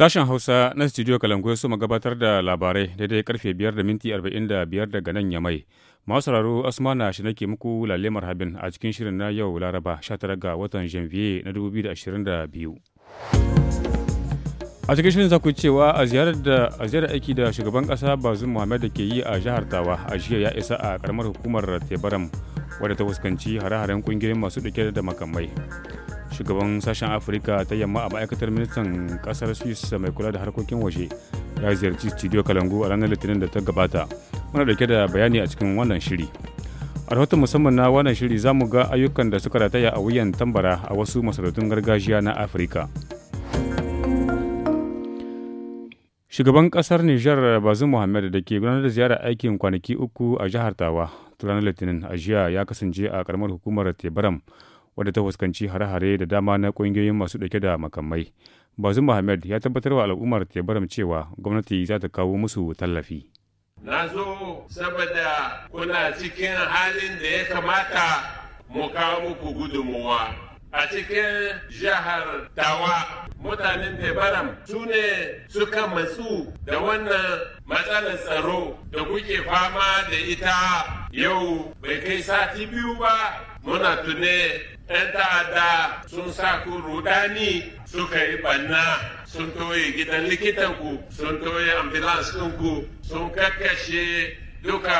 Sashen Hausa na Studio Kalangoyo su gabatar da labarai daidai karfe 5 da minti 45 daga nan yamai. Masu sauraro Asmana shi nake muku lalemar marhabin a cikin shirin na yau Laraba 19 ga watan Janvier na 2022. A cikin shirin za cewa a ziyarar da a ziyarar aiki da shugaban kasa bazu Muhammad da ke yi a jihar Tawa a jiya ya isa a karamar hukumar Tebaram wadda ta fuskanci hare-haren kungiyoyin masu dauke da makamai. shugaban sashen afirka ta yamma a ma'aikatar ministan kasar swiss mai kula da harkokin waje ya ziyarci studio kalangu a ranar litinin da ta gabata muna dauke da bayani a cikin wannan shiri a rahoton musamman na wannan shiri za mu ga ayyukan da suka rataya a wuyan tambara a wasu masarautun gargajiya na afirka shugaban kasar nijar bazin muhammad da ke gudanar da ziyarar aikin kwanaki uku a jihar tawa ranar litinin a jiya ya kasance a karamar hukumar tebaram wadda ta fuskanci hare-hare da dama na ƙungiyoyin masu ɗauke da makamai. Bazum Mohamed ya tabbatar wa al'ummar Tebaram cewa gwamnati za ta kawo musu tallafi. Na zo saboda kuna cikin halin da ya kamata mu kawo muku gudunmuwa. A cikin jihar Tawa, mutanen Tebaram su ne suka matsu da wannan matsalar tsaro da kuke fama da ita yau bai kai sati biyu ba muna tune 'yan ta'adda sun sa ku rudani suka yi banna sun toye gidan likitanku sun toye ambulance ɗinku sun kakkashe duka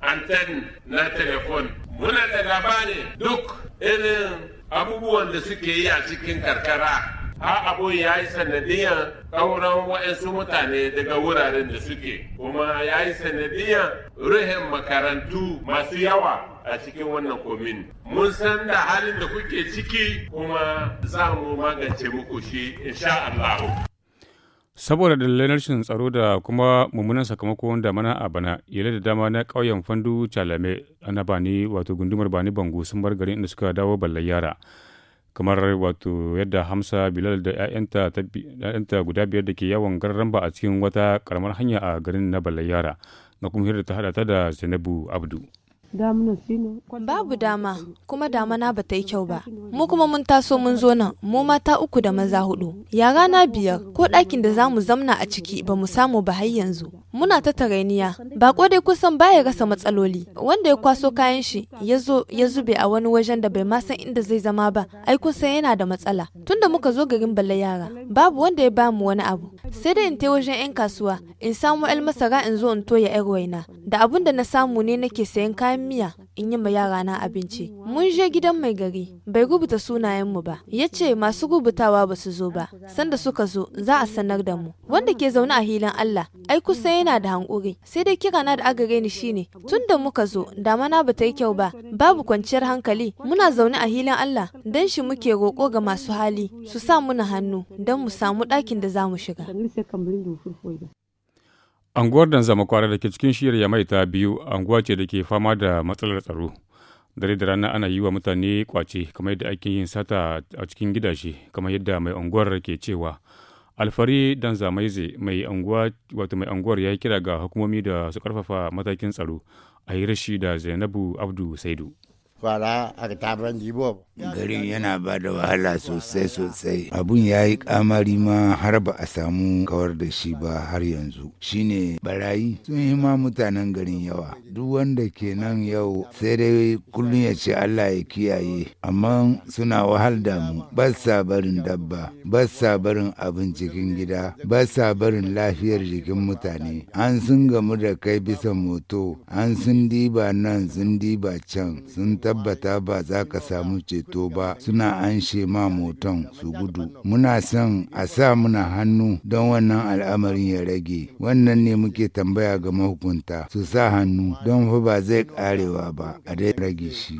anten na telefon muna da labari duk irin abubuwan da suke yi a cikin karkara ha abun ya yi sanadiyan kauran wa'insu mutane daga wuraren da suke kuma ya yi sanadiyan ruhin makarantu masu yawa a cikin wannan komin. Mun san da halin da kuke ciki kuma za mu magance muku shi insha Allah. Saboda dalilan rashin tsaro da kuma mummunan sakamakon mana a bana, yale da dama na ƙauyen Fandu Calame ana bani wato gundumar bani bango sun bar garin inda suka dawo ballar yara. kamar wato yadda hamsa bilal da 'ya'yanta guda biyar da ke yawon garramba a cikin wata karamar hanya a garin na balayara na kuma hirar ta hada ta da zainabu abdu Babu dama, kuma damana ba ta yi kyau ba. Mu kuma mun taso mun zo nan, mu mata uku da maza hudu. Yara na biyar, ko ɗakin da za mu zamna a ciki ba mu samu ba har yanzu. Muna ta tarainiya, ko dai kusan baya rasa matsaloli. Wanda ya kwaso kayan shi, ya zo ya zube a wani wajen da bai ma san inda zai zama ba, ai kusan yana da matsala. Tunda muka zo garin balle yara, babu wanda ya ba mu wani abu. Sai dai in ta wajen 'yan kasuwa, in samu 'yan masara in zo in toya 'yar waina. Da abun da na samu ne nake sayan kayan miya in yi ma yara na abinci. Mun je gidan mai gari, bai rubuta sunayenmu ba. Ya ce masu rubutawa ba su zo ba, sanda suka zo za a sanar da mu. Wanda ke zaune a hilin Allah, ai kusa yana da hankuri. Sai dai kira na da agare ni shine, tun da muka zo, damana ba ta yi kyau ba, babu kwanciyar hankali. Muna zaune a hilin Allah, dan shi muke roƙo ga masu hali, su sa muna hannu, don mu samu ɗakin da za mu shiga. Anguwar zama kwara da ke cikin shiyar Yamai ta biyu anguwa ce da ke fama da matsalar tsaro. Dare da rana ana yi wa mutane kwace kamar yadda ake yin sata a cikin gidaje kamar yadda mai anguwar ke cewa. Alfari zamaize mai anguwa wato mai anguwar ya kira ga hukumomi da su karfafa matakin tsaro a yi rashi da Zainabu Abdu Saidu. kwara a taron jibo. Garin yana ba da wahala sosai sosai. Abun ya yi kamari ma har ba a samu kawar da shi ba har yanzu. Shine barayi sun yi ma mutanen garin yawa. Duk wanda ke nan yau sai dai kullum ya ce Allah ya kiyaye. Amma suna wahal da mu. Ba sa barin dabba, ba sa barin abin cikin gida, ba sa barin lafiyar jikin mutane. An sun gamu da kai bisa moto, an sun diba nan sun diba can, sun tabbata ba za ka samu ceto ba suna she ma motan su gudu muna son a sa muna hannu don wannan al'amarin ya rage wannan ne muke tambaya ga mahukunta su sa hannu don fa ba zai karewa ba a dai rage shi.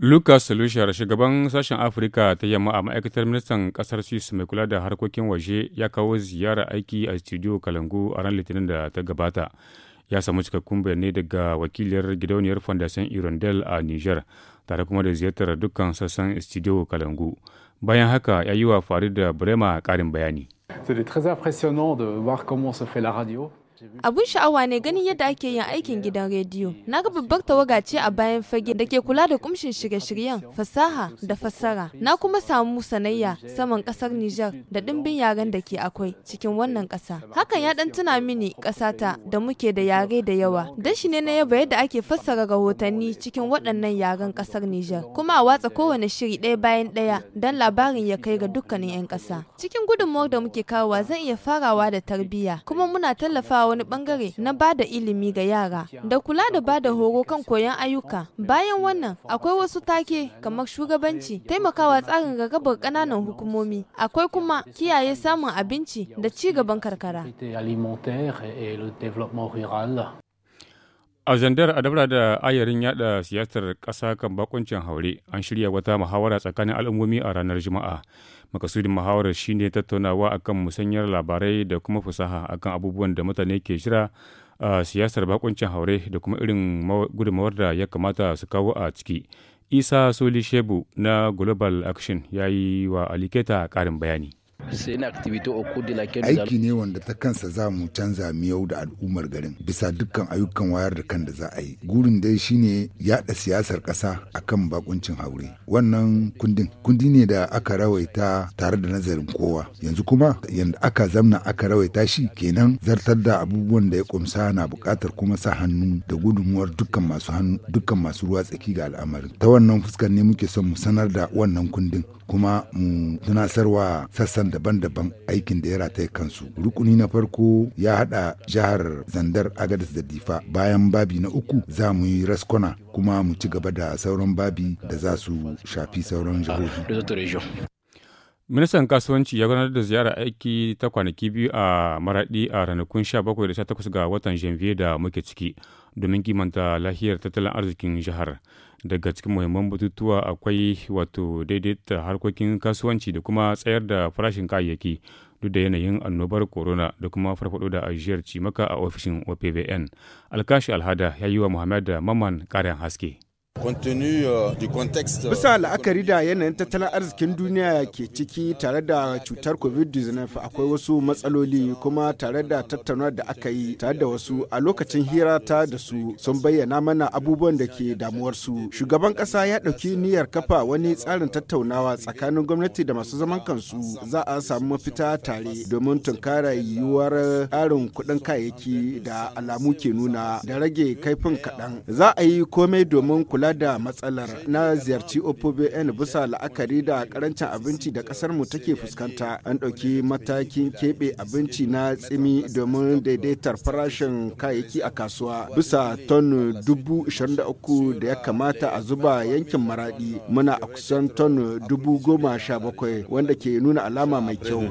Lucas Lushar, shugaban sashen Afirka ta yamma a ma'aikatar ministan kasar Swiss mai kula da harkokin waje ya kawo ziyara aiki a studio Kalangu a ran Litinin da ta gabata. Ya samu cikakkun bayanai daga wakiliyar gidauniyar Fondation Irondel a Niger, tare kuma da ziyartar dukkan sassan studio Kalangu. Bayan haka ya yi wa Farid da Brema karin bayani. C'est très impressionnant de voir comment se fait la radio. Abun sha'awa ne ganin yadda ake yin aikin gidan rediyo. Na ga babbar tawaga ce a bayan fage da ke kula da kumshin shirye-shiryen fasaha da fassara. Na kuma samu sanayya saman kasar Nijar da ɗimbin yaren da ke akwai cikin wannan ƙasa. Hakan ya ɗan tuna mini ƙasata da muke da yare da yawa. Dashi ne na yaba yadda ake fassara rahotanni cikin waɗannan yaren ƙasar Nijar. Kuma a watsa kowane shiri ɗaya bayan ɗaya don labarin ya kai ga dukkanin 'yan ƙasa. Cikin gudunmawar da muke kawowa zan iya farawa da tarbiyya kuma muna tallafawa A wani bangare na ba da ilimi ga yara da kula da ba da horo kan koyon ayyuka. Bayan wannan akwai wasu take kamar shugabanci, taimakawa tsarin rarrabar ƙananan hukumomi, akwai kuma kiyaye samun abinci da ci gaban karkara. A zandar a dabara da ayarin yada siyasar kasa kan bakuncin haure an shirya wata muhawara tsakanin al'ummomi a ranar Juma'a. Makasudin muhawarar shine tattaunawa akan musanyar labarai da kuma fasaha akan abubuwan da mutane ke jira a siyasar bakuncin haure da kuma irin gudunmawar da ya kamata su kawo a ciki. Isa Soli Shebu na Global Action ya yi wa Aliketa ƙarin bayani. aiki ne wanda ta kansa za mu canza miyau da al'ummar garin bisa dukkan ayyukan wayar da kan da za a yi gurin dai shine yada siyasar ƙasa akan bakuncin haure wannan kundin kundi ne da aka rawaita tare da nazarin kowa yanzu kuma yanda aka zamna aka rawaita shi kenan zartar da abubuwan da ya kumsa na bukatar kuma sa hannu da gudunmuwar dukkan masu hannu dukkan masu ruwa tsaki ga al'amarin ta wannan fuskar ne muke son mu sanar da wannan kundin kuma mu tunasarwa sassan da daban-daban aikin da ya rataye kansu. Rukuni na farko ya haɗa jihar Zandar Agadis da Difa bayan babi na uku za mu yi raskona kuma mu ci gaba da sauran babi da za su shafi sauran jihohi. Ministan Kasuwanci ya gudanar da ziyarar aiki ta kwanaki biyu a Maraɗi a ranakun 17 da 18 ga watan Janvier da muke ciki domin kimanta lahiyar tattalin arzikin jihar. Daga cikin muhimman batutuwa akwai wato daidaita harkokin kasuwanci da kuma tsayar da farashin kayayyaki duk da yanayin annobar corona da kuma farfado da ajiyar cimaka a ofishin OPVN. Alkashi Alhada ya yi wa Muhammad Maman ƙarin haske. Euh, euh, Bisa la'akari da yanayin tattalin arzikin duniya ke ciki tare da cutar COVID-19 akwai wasu matsaloli kuma tare da tattauna da aka yi tare da wasu a lokacin hira ta da su sun bayyana mana abubuwan da ke damuwar su Shugaban kasa ya ɗauki niyyar kafa wani tsarin tattaunawa tsakanin gwamnati da masu zaman kansu za a samu mafita tare domin tunkara yiwuwar ƙarin kuɗin kayayyaki da alamu ke nuna da rage kaifin kaɗan. Za a yi komai domin kula kula da matsalar na ziyarci opbn bisa la'akari da karancin abinci da kasar mu take fuskanta an ɗauki matakin keɓe abinci na tsimi domin daidaitar farashin kayayyaki a kasuwa bisa ton dubu uku da ya kamata a zuba yankin maradi muna a kusan ton dubu goma sha bakwai wanda ke nuna alama mai kyau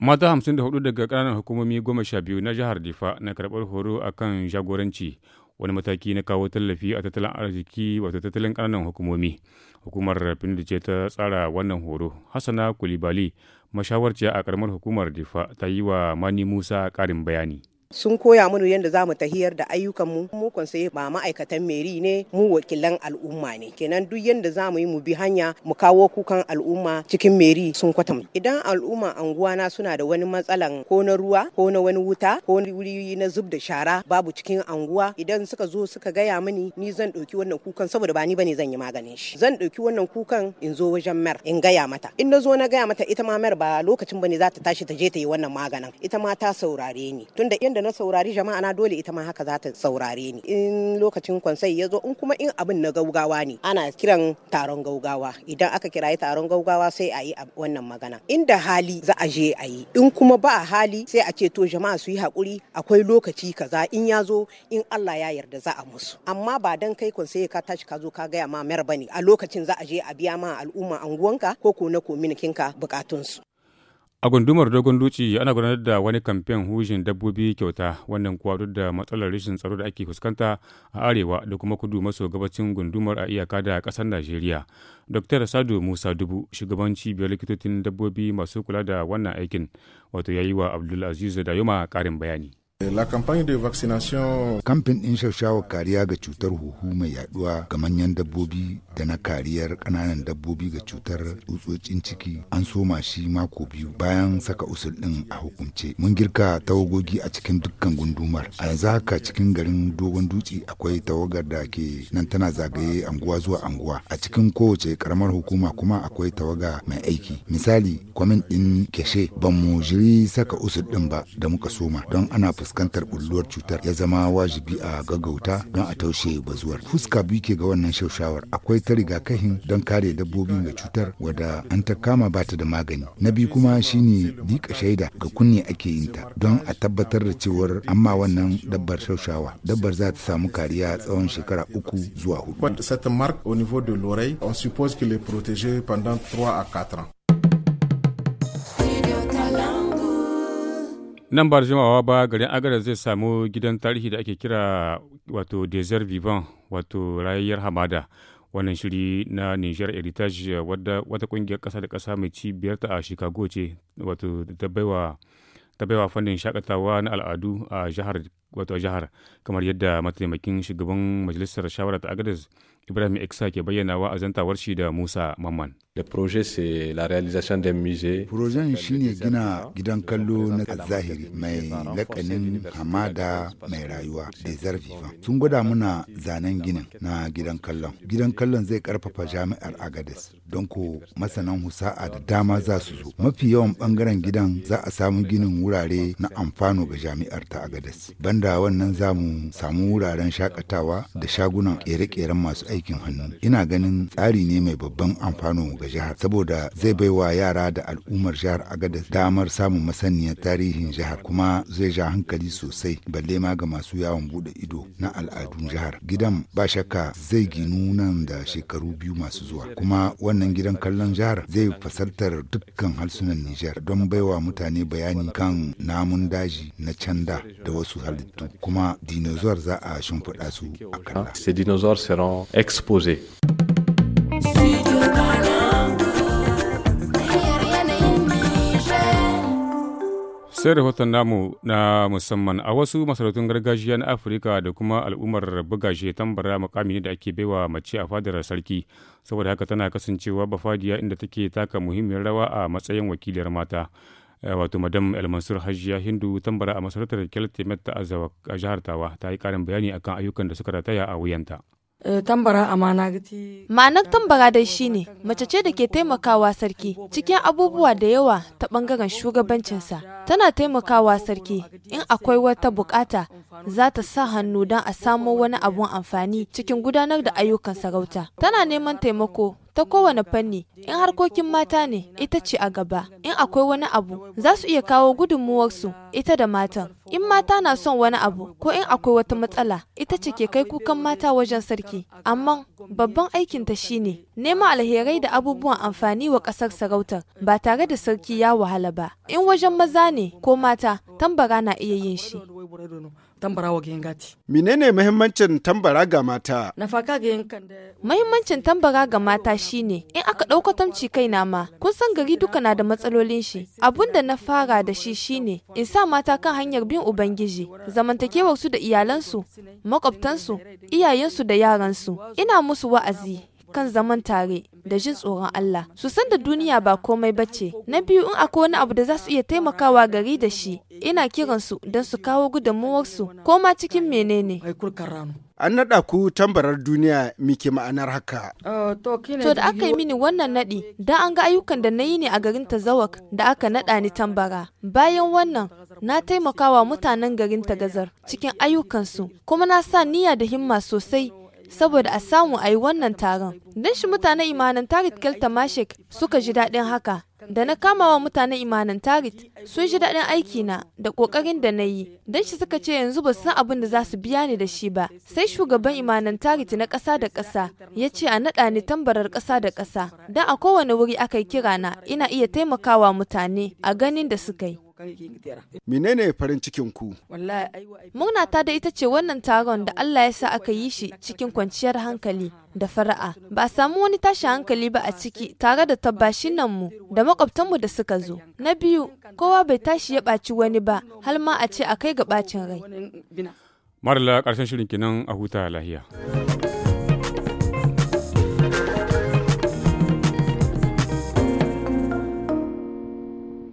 mata hamsin da hudu daga ƙananan hukumomi goma sha biyu na jihar difa na karbar horo akan jagoranci wani mataki na kawo tallafi a tattalin arziki wato tattalin ƙananan hukumomi hukumar pindi ce ta tsara wannan horo hassana kulibali mashawarciya a ƙaramar hukumar difa ta yi wa mani musa ƙarin bayani sun koya mana yadda za mu tahiyar da ayyukanmu mu sai ba ma'aikatan meri ne mu wakilan al'umma ne kenan duk yadda za mu yi mu bi hanya mu kawo kukan al'umma cikin meri sun mu. idan al'umma anguwana suna da wani matsalan ko na ruwa ko na wani wuta ko wuri na zub da shara babu cikin anguwa idan suka zo suka gaya mani ni zan ɗauki wannan kukan saboda ba ni bane zan yi maganin shi zan ɗauki wannan kukan in zo wajen mer in gaya mata in na zo na gaya mata ita ma mer ba lokacin bane za ta tashi ta je ta yi wannan maganin ita ma ta saurare ni tunda da na saurari jama'a na dole ita ma haka za ta saurare ni in lokacin kwansai ya zo in kuma in abin na gaugawa ne ana kiran taron gaugawa idan aka kirayi taron gaugawa sai a yi wannan magana inda hali za a je a yi in kuma ba a hali sai a ce to jama'a su yi hakuri akwai lokaci kaza in ya zo in Allah ya yarda za a musu amma ba dan kai kwansai ka tashi ka zo ka gaya ma mayar bane a lokacin za a je a biya ma al'umma anguwanka ko ko na kominikinka bukatunsu A gundumar Dogon Duci ana gudanar da wani kamfen hujin dabbobi kyauta wannan kuwa duk da matsalar rashin tsaro da ake fuskanta a arewa da kuma kudu maso gabacin gundumar a iyaka da kasar Najeriya. Dr. Sadu Musa Dubu shugaban cibiyar likitocin dabbobi masu kula da wannan aikin wato yayi wa da yuma karin bayani. Eh, la campagne de vaccination kamfin ɗin shawarar kariya ga cutar huhu mai yaduwa ga manyan dabbobi da na kariyar ƙananan dabbobi ga cutar tsutsotsin ciki an soma shi mako biyu bayan saka usul ɗin a hukumce mun girka tawagogi a cikin dukkan gundumar a yanzu haka cikin garin dogon dutse akwai tawagar da ke nan tana zagaye anguwa zuwa anguwa a cikin kowace karamar hukuma kuma akwai tawaga mai aiki misali kwamin ɗin keshe ban mu jiri saka usul ɗin ba da muka soma don ana fuskantar bulluwar cutar ya zama wajibi a gaggauta don a taushe bazuwar fuska biyu ke ga wannan shaushawar akwai ta rigakafin don kare dabbobi ga cutar wadda an ta kama ba ta da magani na biyu kuma shine dika shaida ga kunne ake yin ta don a tabbatar da cewar amma wannan dabbar shaushawa dabbar za ta samu kariya tsawon shekara uku zuwa hudu. Cette marque au niveau de l'oreille, on suppose qu'il est protégé pendant 3 à 4 ans. nan ba da jimawa ba garin agada zai samu gidan tarihi da ake kira wato desert vivant wato rayayyar hamada wannan shiri na niger heritage wata kungiyar kasa da kasa mai cibiyar ta a chicago ce wato ta baiwa fannin shakatawa na al'adu a jihar wato jihar kamar yadda mataimakin shugaban majalisar shawara ta agadez ibrahim eksa ke bayyanawa a zantawar shi da musa mamman Le projet c'est la réalisation d'un musée. shine gina gidan kallo na zahiri mai lakanin hamada mai rayuwa da zarfifa. Sun gwada muna zanen ginin na gidan kallon. Gidan kallon zai karfafa jami'ar Agadez don ko masanan husa'a da dama za su zo. Mafi yawan bangaren gidan za a samu ginin wurare na amfano ga jami'ar ta Agadez. Banda wannan za mu samu wuraren shakatawa da shagunan kere-keren masu aikin hannu. Ina ganin tsari ne mai babban amfano ga jihar saboda zai bai wa yara da al'ummar jihar agada damar samun masaniyar tarihin jihar kuma zai ja hankali sosai balle ma ga masu yawon bude ido na al'adun jihar gidan ba shakka zai ginu nan da shekaru biyu masu zuwa kuma wannan gidan kallon jihar zai fasaltar dukkan harsunan nijar don baiwa mutane bayani kan namun daji na canda da wasu halittu kuma dinozor za a shimfiɗa su a kalla. Ces dinosaures seront exposés. sai rahoton namu na musamman a wasu masarautun gargajiya na afirka da kuma al'ummar bugashe tambara mukami da ake baiwa mace a fadar sarki saboda haka tana kasancewa bafadiya inda take taka muhimmiyar rawa a matsayin wakiliyar mata eh, wato madam elmansur hajiya hindu tambara a masarautar kyaltemet a jihar tawa ta yi karin bayani akan ayyukan da suka rataya a wuyanta. Eh, ma'anar tambara dai shine mace ce da ke taimakawa sarki cikin abubuwa da yawa ta bangaren shugabancinsa tana taimakawa sarki in akwai wata bukata za ta sa hannu don a samo wani abun amfani cikin gudanar da ayyukan sarauta tana neman taimako ta kowane fanni in harkokin mata ne ita ce a gaba in akwai wani abu za su iya kawo gudunmuwarsu ita da matan in mata na son wani abu ko in akwai wata matsala ita ce ke kai kukan mata wajen sarki amma babban aikinta shine neman alherai da abubuwan amfani wa ƙasar sarautar ba tare da sarki ya wahala ba in wajen maza ne ko mata tambara na iya yin shi tambara wa gayin gati. Menene mahimmancin tambara ga mata? Na faka gayin kan da Mahimmancin tambara ga mata shine in aka ɗauko tamci na ma kun san gari duka na da matsalolin shi. Abun da na fara da shi shine in sa mata kan hanyar bin ubangiji, zamantakewar su da iyalansu, makwabtansu, iyayensu da yaransu. Ina musu wa'azi kan zaman tare da jin tsoron Allah su san da duniya ba komai bace na biyu in akwai wani abu da za su iya taimakawa gari da shi ina kiran su don su kawo gudunmuwarsu ko ma cikin menene An naɗa ku tambarar duniya miki ma'anar haka. Oh, to da aka yi mini wannan naɗi, da an ga ayyukan da na yi ne a garin Tazawak da aka naɗa ni tambara. Bayan wannan, na taimakawa mutanen garin gazar cikin ayyukansu, kuma na sa niyya da himma sosai saboda a samu a yi wannan taron. Don shi mutanen imanin tarit Kelta mashek suka ji daɗin haka. Da na kama wa mutanen imanin tarit sun ji daɗin aikina da ƙoƙarin da na yi. Don shi suka ce yanzu ba san abin da za su biya ni da shi ba. Sai shugaban imanin tarit na ƙasa da ƙasa ya ce a naɗa ni tambarar ƙasa da ƙasa. Don a kowane wuri aka yi na ina iya taimakawa mutane a ganin da suka yi. Menene farin cikin ku? Muna ta da ita ce wannan taron da Allah ya sa aka yi shi cikin kwanciyar hankali da fara'a. Ba a samu wani tashi hankali ba a ciki tare da tabbashin nan mu da makwabtanmu da suka zo. Na biyu, kowa bai tashi ya ɓaci wani ba, har ma a ce a kai ga ɓacin rai. Marla ƙarshen shirin kinan a huta lahiya.